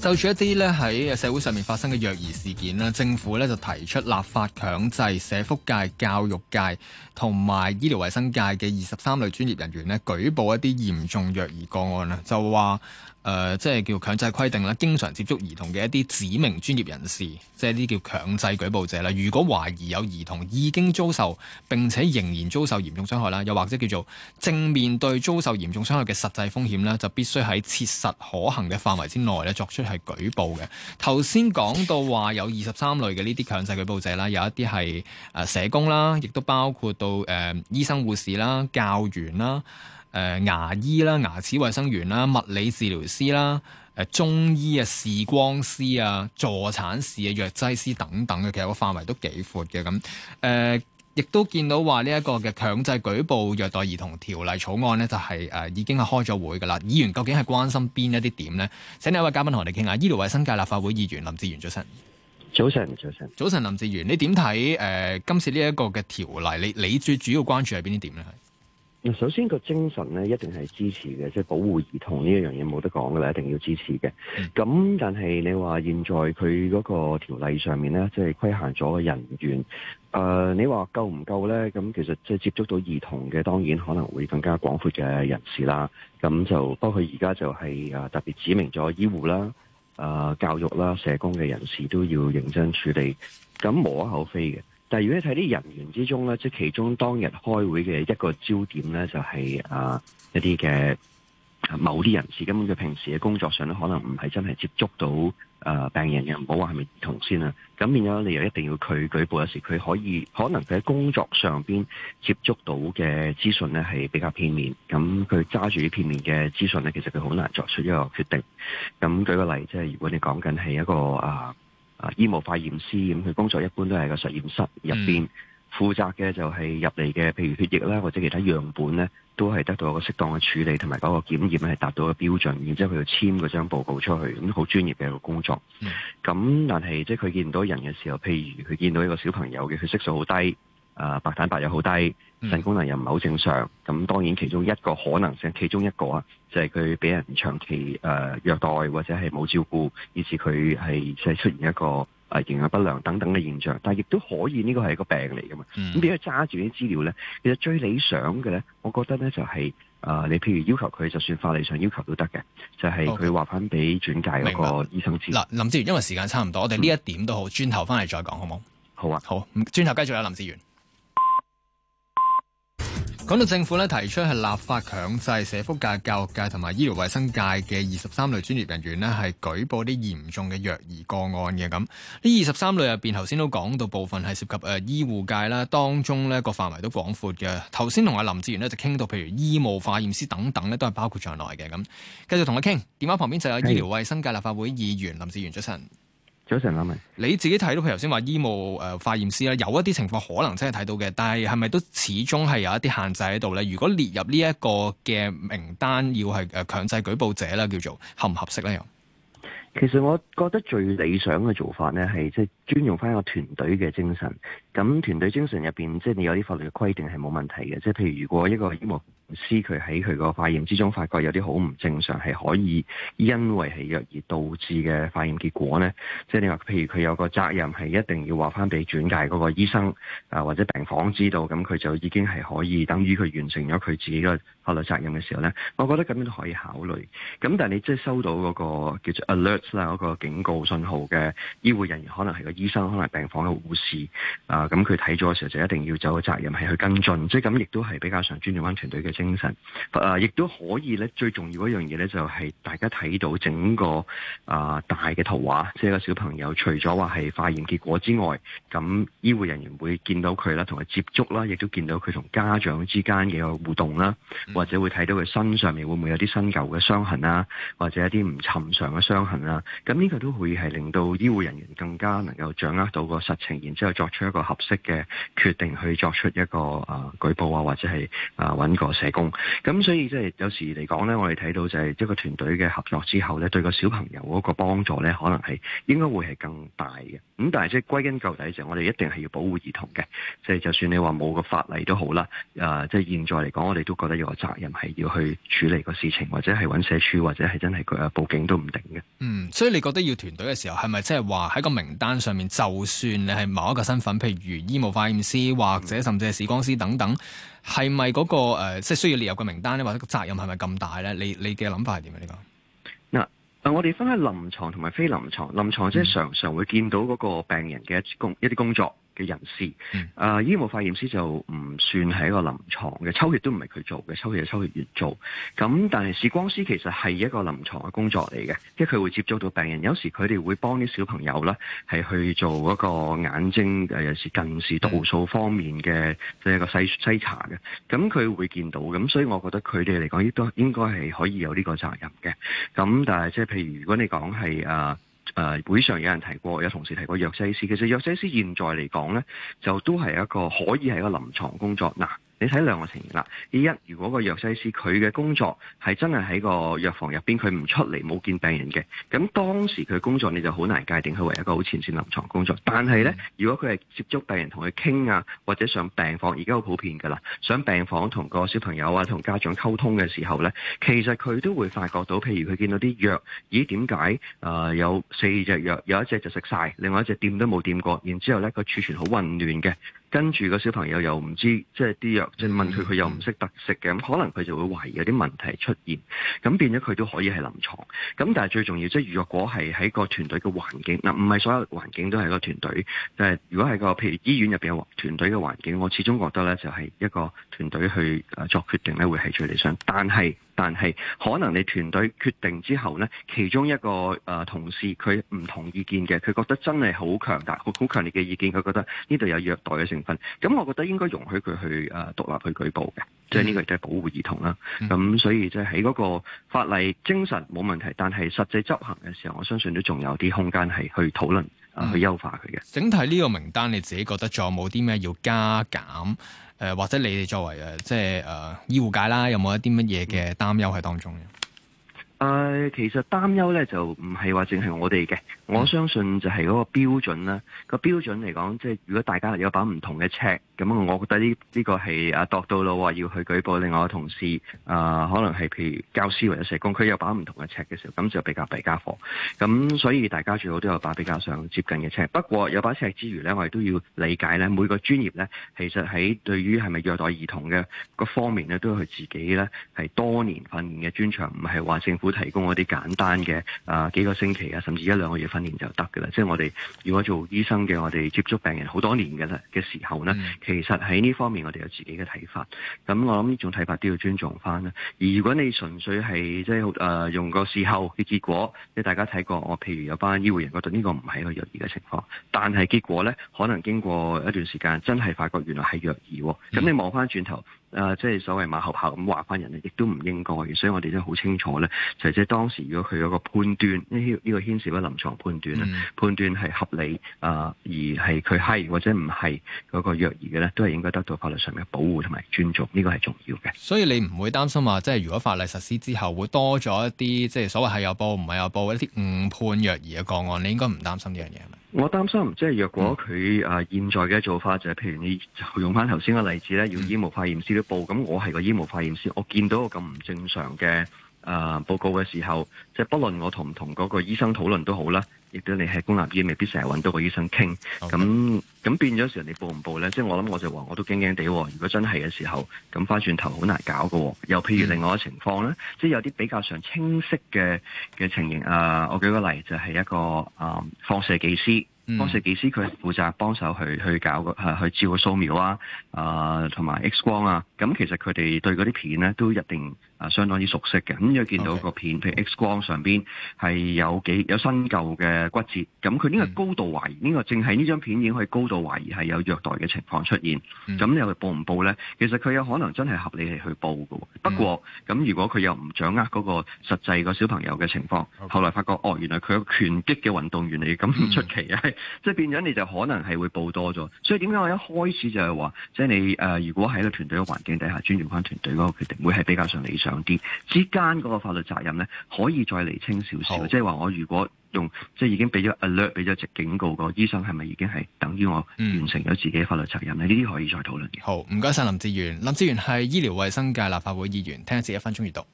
就住一啲咧喺社會上面發生嘅虐兒事件啦，政府咧就提出立法強制社福界、教育界同埋醫療衞生界嘅二十三類專業人員呢舉報一啲嚴重虐兒個案啦，就話。誒、呃，即係叫強制規定啦。經常接觸兒童嘅一啲指明專業人士，即係呢啲叫強制舉報者啦。如果懷疑有兒童已經遭受並且仍然遭受嚴重傷害啦，又或者叫做正面對遭受嚴重傷害嘅實際風險啦，就必須喺切實可行嘅範圍之內咧作出係舉報嘅。頭先講到話有二十三類嘅呢啲強制舉報者啦，有一啲係誒社工啦，亦都包括到誒、呃、醫生、護士啦、教員啦。誒、呃，牙醫啦、牙齒衛生員啦、物理治療師啦、誒、呃、中醫啊、視光師啊、助產士啊、藥劑師等等嘅，其實個範圍都幾闊嘅咁。誒，亦、呃、都見到話呢一個嘅強制舉報虐待兒童條例草案呢就係、是、誒、呃、已經係開咗會噶啦。議員究竟係關心邊一啲點呢？請你一位嘉賓同我哋傾下。醫療衛生界立法會議員林哲玄早晨，早晨，早晨，早晨，林哲玄，你點睇誒今次呢一個嘅條例？你你最主要關注係邊啲點呢？首先個精神咧，一定係支持嘅，即係保護兒童呢一樣嘢冇得講噶啦，一定要支持嘅。咁但係你話現在佢嗰個條例上面咧，即係規限咗人員。誒、呃，你話夠唔夠咧？咁其實即係接觸到兒童嘅，當然可能會更加廣闊嘅人士啦。咁就包括而家就係誒特別指明咗醫護啦、誒、呃、教育啦、社工嘅人士都要認真處理，咁無可厚非嘅。但係如果你睇啲人員之中咧，即係其中當日開會嘅一個焦點咧，就係啊一啲嘅某啲人士，根本佢平時嘅工作上咧，可能唔係真係接觸到啊病人嘅，唔好話係咪兒童先啊。咁變咗你又一定要佢舉報嘅時，佢可以可能佢喺工作上邊接觸到嘅資訊咧，係比較偏面片面。咁佢揸住啲片面嘅資訊咧，其實佢好難作出一個決定。咁舉個例，即係如果你講緊係一個啊。啊，醫務化驗師，咁佢工作一般都係個實驗室面、嗯、負的入邊負責嘅就係入嚟嘅，譬如血液啦或者其他樣本咧、嗯，都係得到一個適當嘅處理，同埋嗰個檢驗係達到個標準，然之後佢就簽嗰張報告出去，咁好專業嘅一個工作。咁、嗯、但係即係佢見到人嘅時候，譬如佢見到一個小朋友嘅血色素好低。啊，白蛋白又好低，腎功能又唔係好正常。咁、嗯、當然其中一個可能性，其中一個啊，就係佢俾人長期誒虐待，或者係冇照顧，以至佢係即係出現一個誒營養不良等等嘅現象。但係亦都可以呢個係一個病嚟噶嘛。咁俾佢揸住啲資料咧？其實最理想嘅咧，我覺得咧就係、是、誒、呃、你譬如要求佢，就算法理上要求都得嘅，就係佢話翻俾轉介嗰個醫生知嗱、okay。啊。林哲玄，因為時間差唔多，我哋呢一點都好轉、嗯、頭翻嚟再講，好冇？好啊，好咁轉頭繼續，林哲玄。講到政府咧提出係立法強制社福界、教育界同埋醫療衛生界嘅二十三類專業人員呢，係舉報啲嚴重嘅虐兒個案嘅。咁，呢二十三類入邊頭先都講到部分係涉及誒醫護界啦，當中呢個範圍都廣闊嘅。頭先同阿林哲玄呢，就傾到，譬如醫務化驗師等等呢，都係包括在內嘅。咁，繼續同佢傾，電話旁邊就有醫療衛生界立法會議員、嗯、林哲玄早晨。早晨，阿明，你自己睇到，譬如頭先話醫務誒、呃、化驗師啦，有一啲情況可能真係睇到嘅，但係係咪都始終係有一啲限制喺度咧？如果列入呢一個嘅名單，要係誒強制舉報者啦，叫做合唔合適咧？又，其實我覺得最理想嘅做法咧，係即係專用翻一個團隊嘅精神。咁團隊精神入面，即係你有啲法律嘅規定係冇問題嘅。即係譬如，如果一個醫務師佢喺佢個化驗之中發覺有啲好唔正常，係可以因為係藥而導致嘅化驗結果咧，即係你話譬如佢有個責任係一定要話翻俾轉介嗰個醫生啊或者病房知道，咁佢就已經係可以等於佢完成咗佢自己個法律責任嘅時候咧，我覺得咁樣都可以考慮。咁但係你即係收到嗰個叫做 alert 啦，嗰個警告信號嘅醫護人員，可能係個醫生，可能病房嘅護士啊。啊，咁佢睇咗嘅時候就一定要有責任係去跟進，即係咁亦都係比較上專業安全隊嘅精神。啊，亦都可以咧，最重要一樣嘢咧就係大家睇到整個啊大嘅圖畫，即係個小朋友除咗話係化驗結果之外，咁醫護人員會見到佢啦，同佢接觸啦，亦都見到佢同家長之間嘅互動啦，或者會睇到佢身上面會唔會有啲新舊嘅傷痕啦，或者一啲唔尋常嘅傷痕啦。咁呢個都會係令到醫護人員更加能夠掌握到個實情，然之後作出一個合適嘅決定去作出一個啊、呃、舉報啊或者係啊揾個社工，咁所以即係有時嚟講咧，我哋睇到就係一個團隊嘅合作之後咧，對個小朋友嗰個幫助咧，可能係應該會係更大嘅。咁但係即係歸根究底就係，我哋一定係要保護兒童嘅。即係就算你話冇個法例都好啦，啊即係現在嚟講，我哋都覺得有個責任係要去處理個事情，或者係揾社署，或者係真係佢啊報警都唔定嘅。嗯，所以你覺得要團隊嘅時候，係咪即係話喺個名單上面，就算你係某一個身份譬，譬如？如醫務化驗師或者甚至係視光師等等，係咪嗰個、呃、即係需要列入嘅名單咧，或者個責任係咪咁大咧？你你嘅諗法係點啊？呢個嗱，誒我哋分開臨床同埋非臨床。臨床即係常常會見到嗰個病人嘅一工一啲工作。嘅人士，啊、呃，醫務化驗師就唔算係一個臨床嘅，抽血都唔係佢做嘅，抽血係抽血員做。咁但係視光師其實係一個臨床嘅工作嚟嘅，即係佢會接觸到病人，有時佢哋會幫啲小朋友啦，係去做嗰個眼睛誒，有時近視度數方面嘅即係個細篩、嗯、查嘅。咁佢會見到，咁所以我覺得佢哋嚟講亦都應該係可以有呢個責任嘅。咁但係即係譬如如果你講係啊。呃誒、呃、會上有人提過，有同事提過藥劑師。其實藥劑師現在嚟講咧，就都係一個可以係一個臨床工作嗱。你睇兩個情形啦。第一，如果個藥劑師佢嘅工作係真係喺個藥房入邊，佢唔出嚟冇見病人嘅，咁當時佢工作你就好難界定佢為一個好前線臨床工作。但係呢、嗯，如果佢係接觸病人同佢傾啊，或者上病房，而家好普遍噶啦，上病房同個小朋友啊、同家長溝通嘅時候呢，其實佢都會發覺到，譬如佢見到啲藥，咦，點解啊有四隻藥，有一隻就食晒，另外一隻掂都冇掂過，然之後呢，個儲存好混亂嘅。跟住個小朋友又唔知，即係啲藥，即係問佢，佢又唔識得食嘅，咁可能佢就會懷疑有啲問題出現，咁變咗佢都可以係臨床。咁但係最重要，即係若果係喺個團隊嘅環境，嗱唔係所有環境都係個團隊，但係如果係個譬如醫院入邊嘅團隊嘅環境，我始終覺得咧就係一個團隊去做、呃、作決定咧會係最理想，但係。但係可能你團隊決定之後呢，其中一個誒、呃、同事佢唔同意見嘅，佢覺得真係好強大，好好強烈嘅意見，佢覺得呢度有虐待嘅成分。咁我覺得應該容許佢去誒獨、呃、立去舉報嘅，即係呢個就係、是、保護兒童啦。咁、嗯、所以即係喺嗰個法例精神冇問題，但係實際執行嘅時候，我相信都仲有啲空間係去討論啊，去優化佢嘅。整體呢個名單，你自己覺得仲有冇啲咩要加減？誒、呃、或者你哋作為誒即係誒、呃、醫護界啦，有冇一啲乜嘢嘅擔憂喺當中嘅？誒、呃，其實擔憂咧就唔係話淨係我哋嘅，我相信就係嗰個標準啦。個標準嚟講，即係如果大家有把唔同嘅尺，咁我覺得呢呢、這個係啊，度到老話要去舉報另外嘅同事。啊、呃，可能係譬如教師或者社工，佢有把唔同嘅尺嘅時候，咁就比較弊傢伙。咁所以大家最好都有把比較上接近嘅尺。不過有把尺之餘呢，我哋都要理解呢每個專業呢，其實喺對於係咪虐待兒童嘅個方面呢，都係自己呢係多年訓練嘅專長，唔係話政府。提供我哋簡單嘅啊、呃、幾個星期啊，甚至一兩個月訓練就得嘅啦。即係我哋如果做醫生嘅，我哋接觸病人好多年嘅啦嘅時候呢，嗯、其實喺呢方面我哋有自己嘅睇法。咁我諗呢種睇法都要尊重翻啦。而如果你純粹係即係誒、呃、用個事後嘅結果，即大家睇過，我譬如有班醫護人覺得呢個唔係一個虐兒嘅情況，但係結果呢，可能經過一段時間，真係發覺原來係虐兒喎。咁、嗯、你望翻轉頭誒、呃，即係所謂馬後炮咁話翻人，亦都唔應該。所以我哋都好清楚呢。就即係當時，如果佢有個判斷呢？呢、這個牽涉咗臨床判斷、嗯、判斷係合理啊、呃，而係佢係或者唔係嗰個虐兒嘅咧，都係應該得到法律上嘅保護同埋尊重。呢個係重要嘅。所以你唔會擔心話，即係如果法例實施之後會多咗一啲，即係所謂係有報唔係有報一啲誤判虐兒嘅個案，你應該唔擔心呢樣嘢係咪？我擔心即係若果佢啊，現在嘅做法就係、是，譬如你用翻頭先嘅例子咧，用醫務化驗師都報咁，嗯、我係個醫務化驗師，我見到個咁唔正常嘅。誒、呃、報告嘅時候，即、就、係、是、不論我同唔同嗰個醫生討論都好啦，亦都你喺公立醫院，未必成日搵到個醫生傾咁。Okay. 咁變咗時人哋報唔報咧？即、就、係、是、我諗我就話我都驚驚地喎、哦。如果真係嘅時候，咁翻轉頭好難搞喎、哦。又譬如另外一個情況咧，mm. 即係有啲比較上清晰嘅嘅情形啊、呃。我舉個例就係、是、一個啊、呃、放射技師，mm. 放射技師佢係負責幫手去去搞個去照個掃描啊，啊同埋 X 光啊。咁其實佢哋對嗰啲片咧都一定啊相當之熟悉嘅。咁就見到個片，okay. 譬如 X 光上邊係有幾有新舊嘅骨折，咁佢呢個高度懷疑呢個淨係呢張片已經可以高。度懷疑係有虐待嘅情況出現，咁、嗯、你又報唔報呢？其實佢有可能真係合理係去報嘅。不過咁、嗯，如果佢又唔掌握嗰個實際個小朋友嘅情況，okay. 後來發覺哦，原來佢有拳擊嘅運動員嚟，咁出奇啊！即 係變咗，你就可能係會報多咗。所以點解我一開始就係話，即、就、係、是、你誒、呃，如果喺個團隊嘅環境底下，尊重翻團隊嗰個決定，會係比較上理想啲。之間嗰個法律責任呢，可以再釐清少少，即係話我如果。用即係已經俾咗 alert，俾咗直警告個醫生係咪已經係等於我完成咗自己嘅法律責任咧？呢、嗯、啲可以再討論。嘅。好，唔該晒，林哲玄。林哲玄係醫療衛生界立法會議員，聽一接一分鐘閱讀。